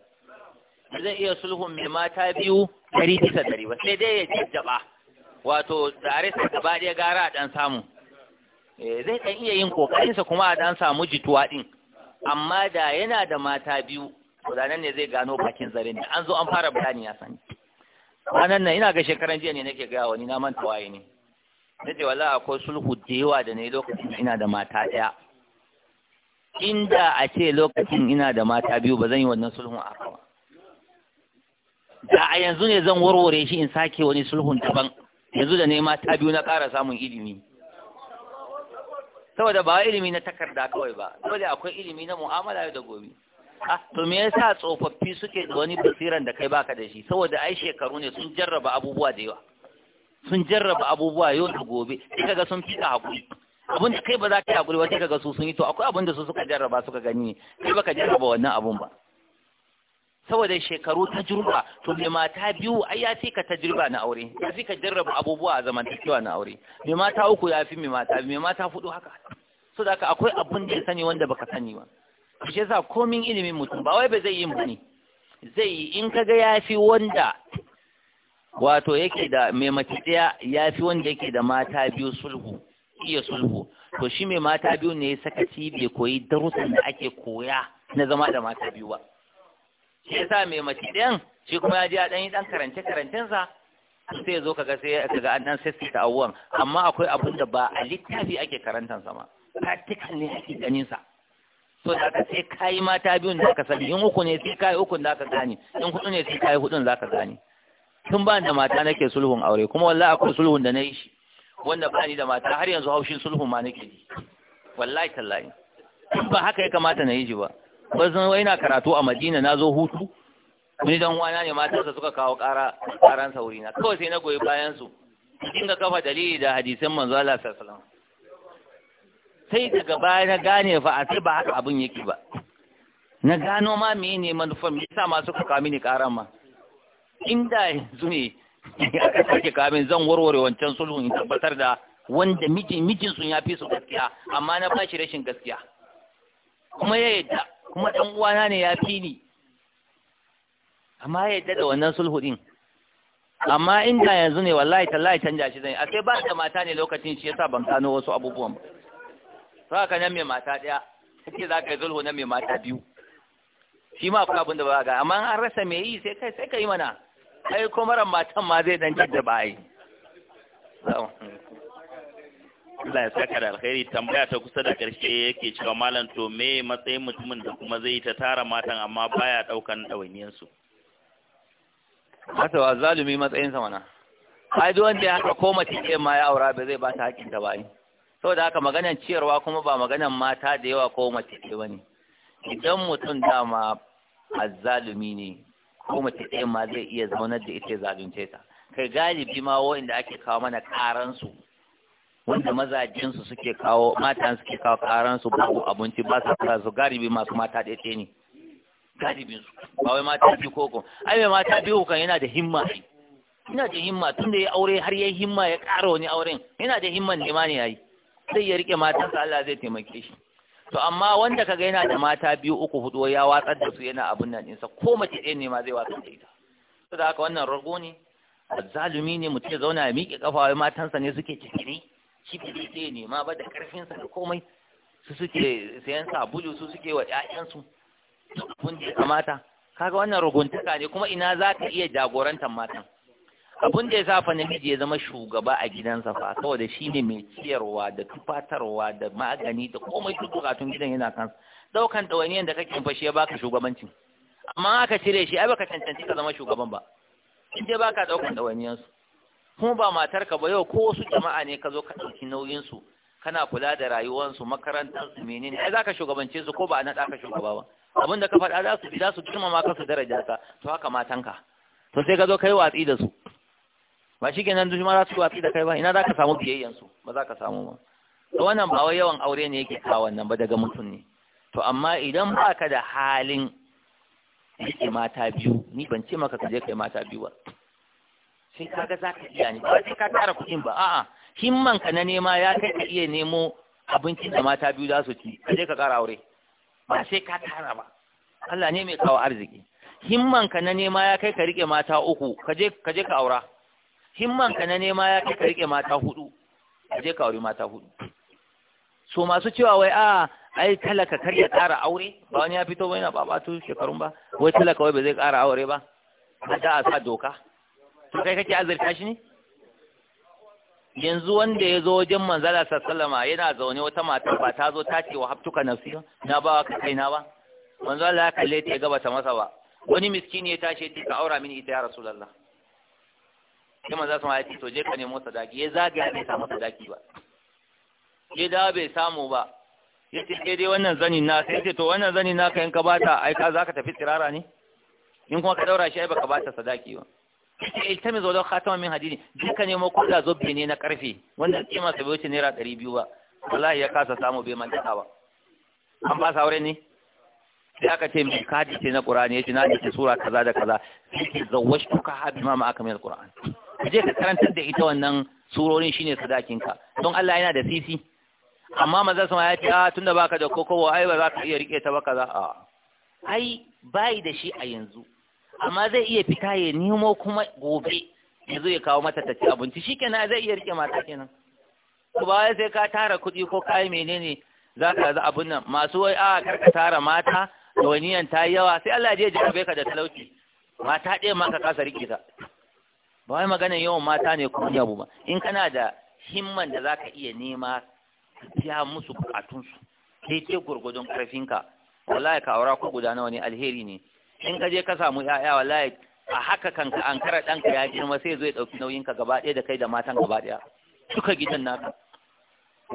ba zai iya sulhun mai mata biyu ɗari bisa ɗari ba sai dai ya jajjaba wato tare sa gaba ɗaya gara a ɗan samu eh, zai ɗan iya yin ƙoƙarinsa kuma a ɗan samu jituwa ɗin amma da yana da mata biyu to da nan ne zai gano bakin zarin da an zo an fara bayani ya sani ranar nan ina ga shekaran jiya ne nake gaya wani na manta waye ne ce wala akwai sulhu da yawa da ne lokacin ina da mata ɗaya inda a ce lokacin ina da mata biyu ba zan yi wannan sulhun a ba da a yanzu ne zan warware shi in sake wani sulhun daban yanzu da ne mata biyu na ƙara samun ilimi saboda ba ilimi na takarda kawai ba dole akwai ilimi na mu'amala da gobe a ah, to me yasa tsofaffi suke da wani basiran da kai baka da shi saboda ai shekaru ne sun jarraba abubuwa da yawa sun jarraba abubuwa yau da gobe sai kaga sun fita hakuri abin da kai ba za ka yi hakuri ba sai kaga su sun yi to akwai abin da su suka jarraba suka gani ne kai baka jarraba wannan abun ba saboda shekaru ta jirba to mai mata biyu ai ya fi ka ta jirba na aure ya fi ka jarraba abubuwa a zamantakewa na aure mai mata uku ya fi mai mata mai mata hudu haka so da akwai abin da ya sani wanda baka sani ba shi yasa komin ilimin mutum ba wai ba zai yi muni zai yi in kaga ya fi wanda wato yake da mai mace ɗaya ya fi wanda yake da mata biyu sulhu iya sulhu to shi mai mata biyu ne sakaci bai koyi darussan da ake koya na zama da mata biyu ba shi yasa mai mace ɗayan shi kuma ya je a ɗanyi ɗan karance karancensa sai zo kaga sai kaga an ɗan sai ta awuwan amma akwai abin da ba a littafi ake sa ma practical ne ake sa so da ka sai kai mata biyun da ka sani in uku ne sai kayi ukun da ka gani, in hudu ne sai kayi hudun da ka gani. tun ba da mata nake sulhun aure kuma wallahi akwai sulhun da na yi shi wanda ba ni da mata har yanzu haushin sulhun ma nake ji wallahi tallahi tun ba haka ya kamata na yi ji ba ba zan wai na karatu a Madina na zo hutu ni dan wani ne matarsa suka kawo ƙara ƙaran sauri na kawai sai na goyi bayan su dinga kafa dalili da hadisan manzo Allah sallallahu alaihi wasallam sai daga baya na gane fa a sai ba haka abin yake ba na gano ma mene manufar me yasa ma suka kawo mini ƙaran ma inda yanzu ne aka sake kamin zan warware wancan sulhun in tabbatar da wanda mijin mijin sun ya fi su gaskiya amma na bashi rashin gaskiya kuma ya yadda kuma dan uwana ne ya fi ni amma ya yadda da wannan sulhu din amma inda yanzu ne wallahi tallahi canja shi zan akai ba da mata ne lokacin shi yasa ban gano wasu abubuwan ba sai ka nan mai mata daya kake za ka yi sulhu nan mai mata biyu shi ma akwai abin da ba ga amma an rasa me yi sai kai sai ka yi mana ai ko mara matan ma zai dan jidda bai Allah ya saka da alkhairi tambaya ta kusa da karshe yake cewa malam to me matsayin mutumin da kuma zai ta tara matan amma baya daukan dawainiyar su hata wa zalumi matsayin sa mana ai duk wanda ya haka ko mace ce ma ya aura ba zai ba ta hakin ta bai saboda haka maganan ciyarwa kuma ba maganan mata da yawa ko mace ce bane idan mutum dama azzalumi ne ko mace ɗaya ma zai iya zaunar da ita zalunce ta kai galibi ma wanda ake kawo mana su wanda su suke kawo matan suke kawo su babu abinci ba su fara su galibi masu mata ɗaya ne galibin su ba wai mata biyu koko ai mai mata biyu kan yana da himma yana da himma tun da ya aure har ya himma ya ƙara wani auren yana da himman ne ma ne yayi Sai ya rike matansa Allah zai taimake shi to amma wanda kaga yana da mata biyu uku hudu ya watsar da su yana abun nan insa ko mace ɗaya ne ma zai watsar da ita saboda haka wannan rago ne zalumi ne mutum ya zauna ya miƙe kafa wai matansa ne suke ciki ne shi ba zai nema ba da ƙarfinsa da komai su suke sayan sabulu su suke wa su to abin da ya kamata kaga wannan ruguntaka ne kuma ina za ka iya jagorantar matan abin da ya sa fa namiji ya zama shugaba a gidansa fa saboda shi ne mai ciyarwa da tufatarwa da magani da komai duk bukatun gidan yana kansa daukan ɗawainiyar da kake fashe ya baka shugabancin amma aka cire shi ai baka cancanci ka zama shugaban ba in dai baka daukan ɗawainiyar su kuma ba matar ka ba yau ko wasu jama'a ne ka zo ka ɗauki nauyin su kana kula da rayuwar su makarantar su menene ai zaka shugabance su ko ba a naɗa ka shugaba ba abin da ka faɗa za su za su girmama ka su daraja ka to haka matanka to sai ka zo kai watsi da su ba shi kenan duk mara su watsi da kai ba ina za ka samu biyayyansu ba za ka samu ba to wannan ba wai yawan aure ne yake kawo wannan ba daga mutum ne to amma idan baka da halin yake mata biyu ni ban ce maka ka je kai mata biyu ba sai ga za ka iya ne ba sai ka tara kuɗin ba a'a himman ka na nema ya kai ka iya nemo abincin da mata biyu za su ci ka je ka ƙara aure ba sai ka tara ba Allah ne mai kawo arziki himman ka na nema ya kai ka rike mata uku ka je ka aura himmanka na nema ya kai ka rike mata hudu ka je ka aure mata hudu so masu cewa wai a ah, ai talaka kar ya ƙara aure ba wani ya fito ba yana babatu shekarun ba wai talaka wai ba zai ƙara aure ba a da a sa doka to kai kake azurta shi ne yanzu wanda ya zo wajen manzala sassalama yana zaune wata mata ba ta zo ta ce wa haftuka siya na ba ka na ba manzala ya kalle ta ya gabata masa ba wani miskini ya tashi ya ce ka aura mini ita ya rasulallah sai manzo sama ya ce to je ka nemo sadaki ya ya bai samu sadaki ba ya dawo bai samu ba ya ce sai dai wannan zani na sai ce to wannan zani na ka in ka bata ai ka zaka tafi tsirara ne in kuma ka daura shi ai baka bata sadaki ba sai ita eh, mai zo don khatama min hadini je ka nemo ko da ne na karfe wanda kima sa bai wuce naira biyu ba wallahi ya kasa samu bai manta ba an ba sa aure ne sai aka ce mai kadi ce na qur'ani yace na ce sura kaza da kaza sai ki zawwashtuka habima ma aka min alqur'an Ku je ka karantar da ita wannan surorin shine ka don Allah yana da sisi amma manzon sama ya ce a ah, tunda baka da kokowa ai ba za ka iya rike ta ba kaza a ai bai da shi a yanzu amma zai iya fita ya nemo kuma gobe ya zo ya kawo mata ta ci abinci shikenan zai iya rike mata kenan ko ba sai ka tara kuɗi ko kai menene za ka za abun nan masu wai a ah, ka tara mata da waniyan ta yawa sai Allah ya je ya jabe ka da talauci mata ɗaya ma ka kasa rike ta ba wai maganin yawan mata ne ko yabu ba in kana da himman da zaka iya nema ka biya musu bukatunsu sai ke gurgudun ƙarfinka wallahi ka aura ko guda nawa ne alheri ne in ka je ka samu ƴaƴa wallahi a haka kanka an kara ɗanka ya girma sai zo ya ɗauki nauyinka gaba ɗaya da kai da matan gaba ɗaya duka gidan naka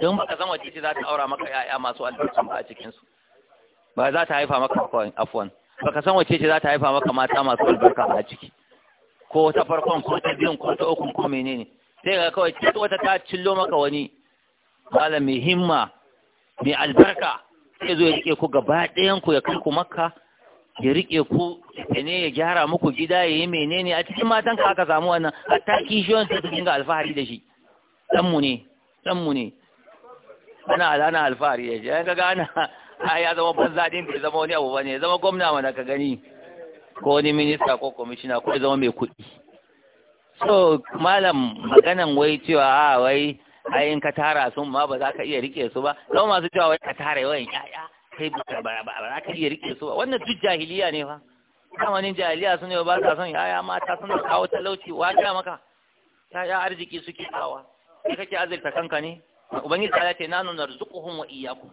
don baka san wace ce za ta aura maka ƴaƴa masu albarka ba a cikinsu ba za ta haifa maka Ba baka san wace ce za ta haifa maka mata masu albarka ba a ciki ko ta farkon ko ta biyun ko ta ukun ko menene sai ga kawai ce wata ta cillo maka wani malam mai himma mai albarka sai zo ya rike ku gaba ɗayan ku ya kai ku makka ya rike ku ya ne ya gyara muku gida ya yi menene a cikin matan ka aka samu wannan A ta kishiyon sai su dinga alfahari da shi ɗanmu ne ɗanmu ne ana alana alfahari da shi ya ga ana ya zama banza ɗin bai zama wani abu ba ne ya zama gwamna mana ka gani ko wani minista ko kwamishina ko zama mai kuɗi so malam maganan wai cewa a wai ai in ka tara sun ma ba za ka iya rike su ba zama masu cewa wai ka tara yawan ya'ya kai ba za ka iya rike su ba wannan duk jahiliya ne fa zamanin jahiliya sun ne ba sa son ya'ya mata suna kawo talauci wa ga maka ya'ya arziki suke kawa kai kake azurta kanka ne ubangiji ta ce nanu narzuquhum wa iyyakum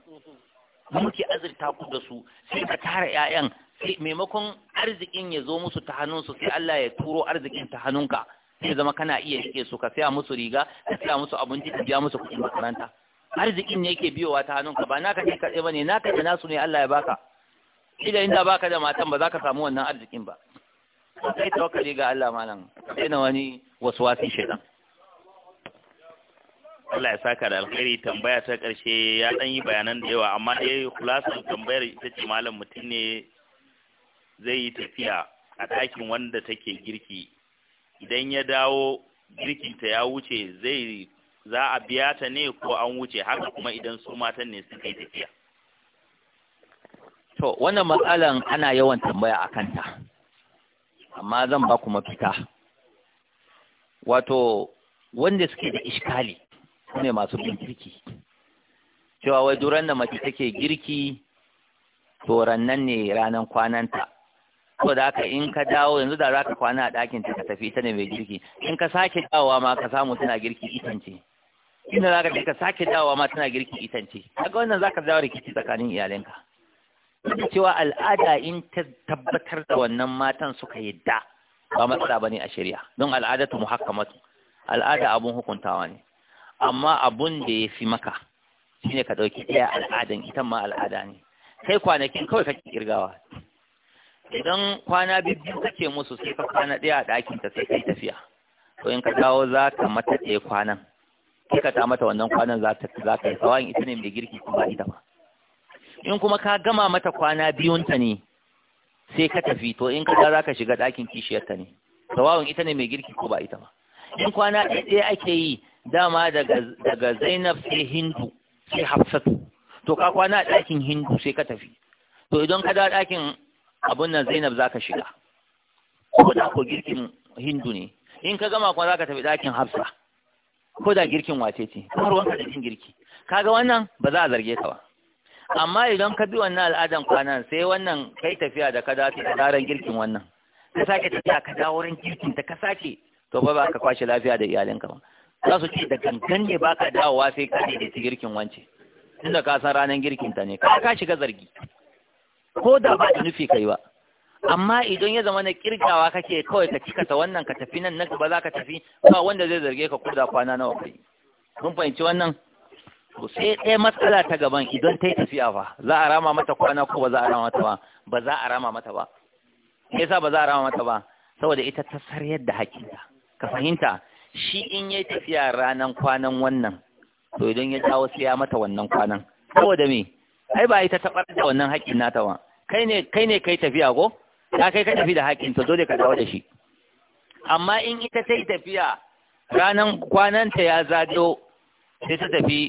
muke azurta ku da su sai ka tara ƴaƴan maimakon arzikin ya zo musu ta hannunsu sai Allah ya turo arzikin ta hannunka sai zama kana iya rike su ka saya musu riga ka saya musu abinci ka biya musu kuɗin makaranta arzikin ne yake biyowa ta hannunka ba naka ne tsaye bane naka da nasu ne Allah ya baka ila inda baka da matan ba za ka samu wannan arzikin ba sai tawakkali ga Allah malam sai na wani waswasi shedan Allah ya saka da alkhairi tambaya ta karshe ya dan yi bayanan da yawa amma dai kulasan tambayar ita ce malam mutum ne zai yi tafiya a ɗakin wanda take girki idan ya dawo girkinta ya wuce zai za a biya ta ne ko an wuce haka kuma idan su matan ne suka yi tafiya to wannan matsalan ana yawan tambaya a kanta amma zan ba ku mafita wato wanda suke da iskali su ne masu bin girki cewa wai duran da mace take girki to rannan ne ranan kwananta ko haka in ka dawo yanzu da za ka kwana a ɗakin ta ka tafi ita ne mai girki in ka sake dawowa ma ka samu tana girki itance inda ka je ka sake dawowa ma tana girki itance kaga wannan za ka dawo rikici tsakanin iyalanka cewa al'ada in ta tabbatar da wannan matan suka yadda ba matsala bane a shari'a don al'ada ta muhakkamatu al'ada abun hukuntawa ne amma abun da ya fi maka shine ka ɗauki ɗaya al'adan ita ma al'ada ne kai kwanakin kawai kake kirgawa idan kwana biyu kake musu sai ka kwana ɗaya a ɗakin ta sai kai tafiya to in ka dawo za ka mata ɗaya kwanan kai ka ta mata wannan kwanan za ta za ka yi tsawon ita ne mai girki kuma ita ba in kuma ka gama mata kwana ta ne sai ka tafi to in ka ga za ka shiga ɗakin kishiyarta ne tsawon ita ne mai girki ko ba ita ba in kwana ɗaya ake yi dama daga zainab sai hindu sai hafsatu to ka kwana a ɗakin hindu sai ka tafi to idan ka dawo ɗakin abun nan zainab za ka shiga ko da ko girkin hindu ne in ka gama kuma za ka tafi ɗakin hafsa ko da girkin wace ce kamar wanka da cikin girki kaga wannan ba za a zarge ka ba amma idan ka bi wannan al'adan kwanan sai wannan kai tafiya da ka dace da tsarin girkin wannan ka sake tafiya ka dawo wurin girkin ta ka sake to ba ba ka kwashe lafiya da iyalinka ba za su ce da gangan ne ba ka dawowa sai ka ne da girkin wance tunda ka san ranar girkin ta ne ka shiga zargi ko da ba da nufi kai ba amma idan ya zama na kirgawa kake kawai ka cika ta wannan ka tafi nan nan ba za ka tafi ba wanda zai zarge ka koda kwana nawa kai Mun fahimci wannan to sai ɗaya matsala ta gaban idan ta yi tafiya fa za a rama mata kwana ko ba za a rama mata ba ba za a rama mata ba me yasa ba za a rama mata ba saboda ita ta sarayar da hakinta ka fahimta shi in yayi tafiya ranan kwanan wannan to idan ya dawo sai ya mata wannan kwanan saboda me ai ba ita ta bar da wannan hakkin nata ba kai ne kai ne kai tafiya ko ta kai ka tafi da hakin to dole ka dawo da shi amma in ita ta yi tafiya ranan kwananta ya zado sai ta tafi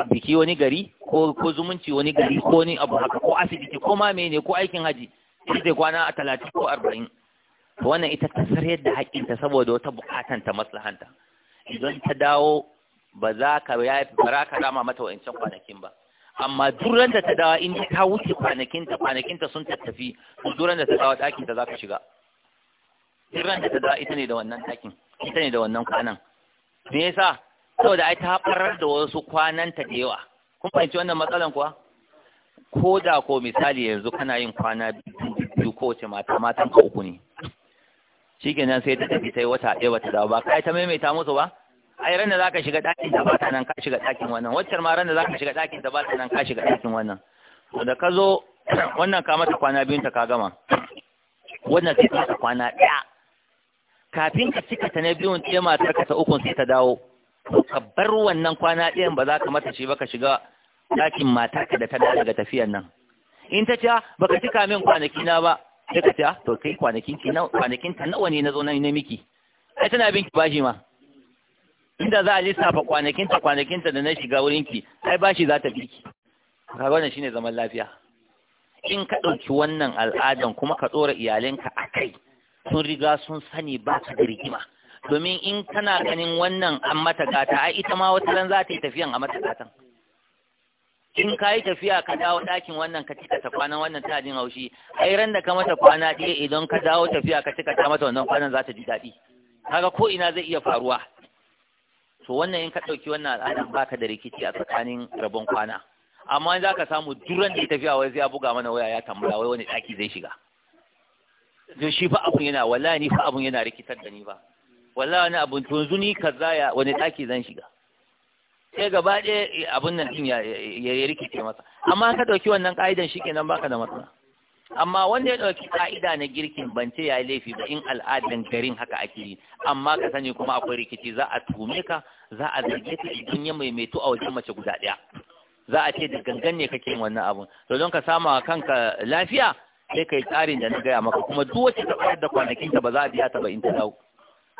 a biki wani gari ko ko zumunci wani gari ko ni abu haka ko asibiti ko ma ne ko aikin haji sai ta kwana a talatin ko arba'in wannan ita ta sarayar da ta saboda wata buƙatanta maslahanta idan ta dawo ba za ka ya ba za ka rama mata wa'ancan kwanakin ba amma duran da ta dawa in ta wuce kwanakinta kwanakinta sun tattafi duran da ta dawa ɗakin ta za ka shiga duran da ta dawa ita ne da wannan ɗakin ita ne da wannan kwanan me yasa saboda ai ta farar da wasu ta da yawa kun fahimci wannan matsalan kuwa ko da ko misali yanzu kana yin kwana biyu ko wace mata matan ka uku ne shikenan sai ta tafi sai wata ɗaya wata dawo ba kai ta maimaita musu ba ai ran da zaka shiga ɗakin da bata nan ka shiga ɗakin wannan waccar ma ran da zaka shiga ɗakin da bata nan ka shiga ɗakin wannan to da ka zo <clears throat> wannan ka mata kwana biyun ta ka gama wannan sai ka kwana ɗaya kafin ka cika ta na biyun ce ma ta ta ukun sai ta dawo ka bar wannan kwana ɗayan ba za ka mata shi ba ka shiga ɗakin ka da ta dawo daga tafiyan nan in ta ce ah, baka cika min kwanaki na ba sai ka ce ah, to kai kwanakin ki kwanakin ta nawa ne na zo nan ne miki ai tana binki bashi ma inda za a lissafa kwanakinta kwanakinta da na shiga wurinki ai bashi za ta biki kaga wannan shine zaman lafiya in ka ɗauki wannan al'adan kuma ka tsora iyalinka a kai sun riga sun sani ba ka da rigima domin in kana ganin wannan an mata gata ai ita ma wata ran za ta yi tafiyan a mata gatan in ka yi tafiya ka dawo ɗakin wannan ka cika ta kwanan wannan ta jin haushi ai ran da ka mata kwana ɗaya idan ka dawo tafiya ka cika ta mata wannan kwanan za ta ji daɗi kaga ko ina zai iya faruwa to wannan in ka ɗauki wannan al'adan ka da rikici a tsakanin rabon kwana amma za ka samu duran da ya tafiya wai zai buga mana waya ya tambaya wai wani ɗaki zai shiga don shi fa abun yana wallahi ni fa abun yana rikitar da ni ba wallahi wani abun to yanzu ni ka zaya wani ɗaki zan shiga sai gaba ɗaya abun nan din ya rikice masa amma ka ɗauki wannan ƙa'idan shi kenan baka da matsala amma wanda ya ɗauki ƙa'ida na girkin ban ce ya laifi ba in al'adan garin haka ake yi amma ka sani kuma akwai rikici za a tume ka za a zarge ta idan ya maimaitu a wajen mace guda ɗaya za a ce da gangan ne kake wannan abun to don ka sama kanka lafiya sai kai tsarin da na gaya maka kuma duk wacce ta farar da kwanakinta ba za a biya ta ba in ta dawo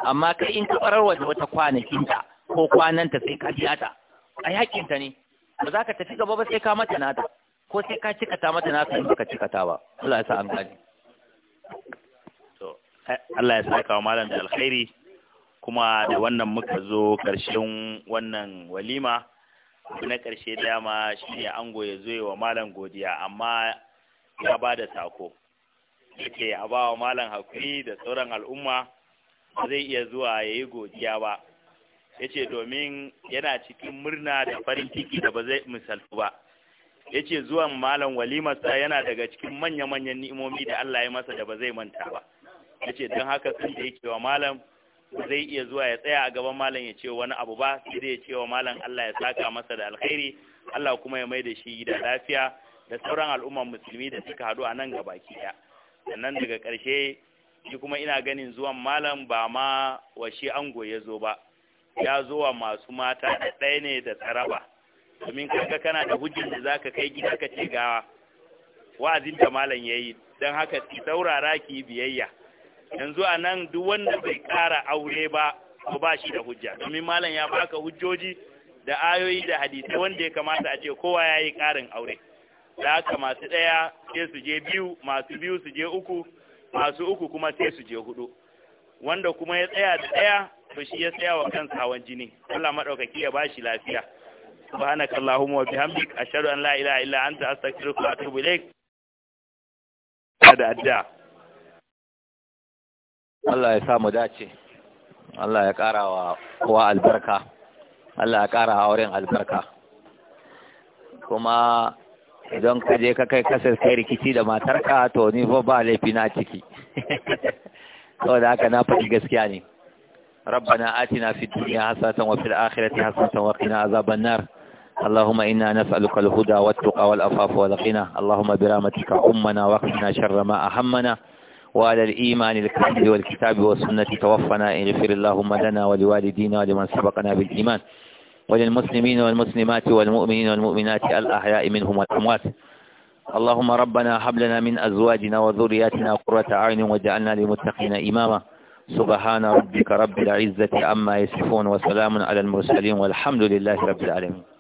amma kai in ta farar wata wata kwanakinta ko kwananta sai ka biya ta a ta ne ba za ka tafi gaba ba sai ka mata nata ko sai ka cikata mata nata in baka cikata ba Allah ya sa an gane to Allah ya sa kawo malam da alkhairi kuma da wannan muka zo ƙarshen wannan walima na ƙarshe dama shi ne ango ya zo wa malam godiya amma ya ba da sako yake a ba wa malam hakuri da sauran al'umma ba zai iya zuwa ya yi godiya ba ya ce domin yana cikin murna da farin ciki da ba zai misaltu ba ya ce zuwan malam walimarsa yana daga cikin manya-manyan ni'imomi da Allah ya masa da ba zai manta ba ya ce don haka sun da yake wa malam zai iya zuwa ya tsaya a gaban malam ya ce wani abu ba sai dai ya ce wa malam Allah ya saka masa da alkhairi Allah kuma ya mai da shi da lafiya da sauran al'umman musulmi da suka haɗu a nan gabaki ɗaya sannan daga karshe shi kuma ina ganin zuwan malam ba ma wa shi ango ya zo ba ya zo wa masu mata da ɗaya ne da tsaraba domin kaka kana da hujjin da zaka kai gida ka ce ga wa'azin da malam yayi don haka ki saurara ki biyayya yanzu a nan duk wanda bai ƙara aure ba ko ba shi da hujja domin malam ya baka hujjoji da ayoyi da hadisai wanda ya kamata a ce kowa ya yi ƙarin aure da haka masu ɗaya sai su je biyu masu biyu su je uku masu uku kuma sai su je hudu wanda kuma ya tsaya da ɗaya to shi ya tsaya wa kansa hawan jini Allah madaukaki ya bashi lafiya subhanaka allahumma wa bihamdik ashhadu an la ilaha illa anta astaghfiruka wa atubu ilaik da Allah ya sa mu dace Allah ya ƙara wa kowa albarka Allah ya ƙara wurin albarka kuma idan ka je ka kai kasar kai rikici da matarka to ni fa ba laifi na ciki <laughs> saboda haka na faɗi gaskiya ne ربنا آتنا في الدنيا حسنة وفي الآخرة حسنة وقنا عذاب النار اللهم إنا نسألك الهدى والتقى والأفاف والغنى اللهم برامتك أمنا وقنا شر ما أهمنا وعلى الإيمان الكامل والكتاب والسنة توفنا إن غفر اللهم لنا ولوالدينا ولمن سبقنا بالإيمان وللمسلمين والمسلمات والمؤمنين والمؤمنات الأحياء منهم والأموات اللهم ربنا هب لنا من أزواجنا وذرياتنا قرة أعين واجعلنا للمتقين إماما سبحان ربك رب العزة عما يصفون وسلام على المرسلين والحمد لله رب العالمين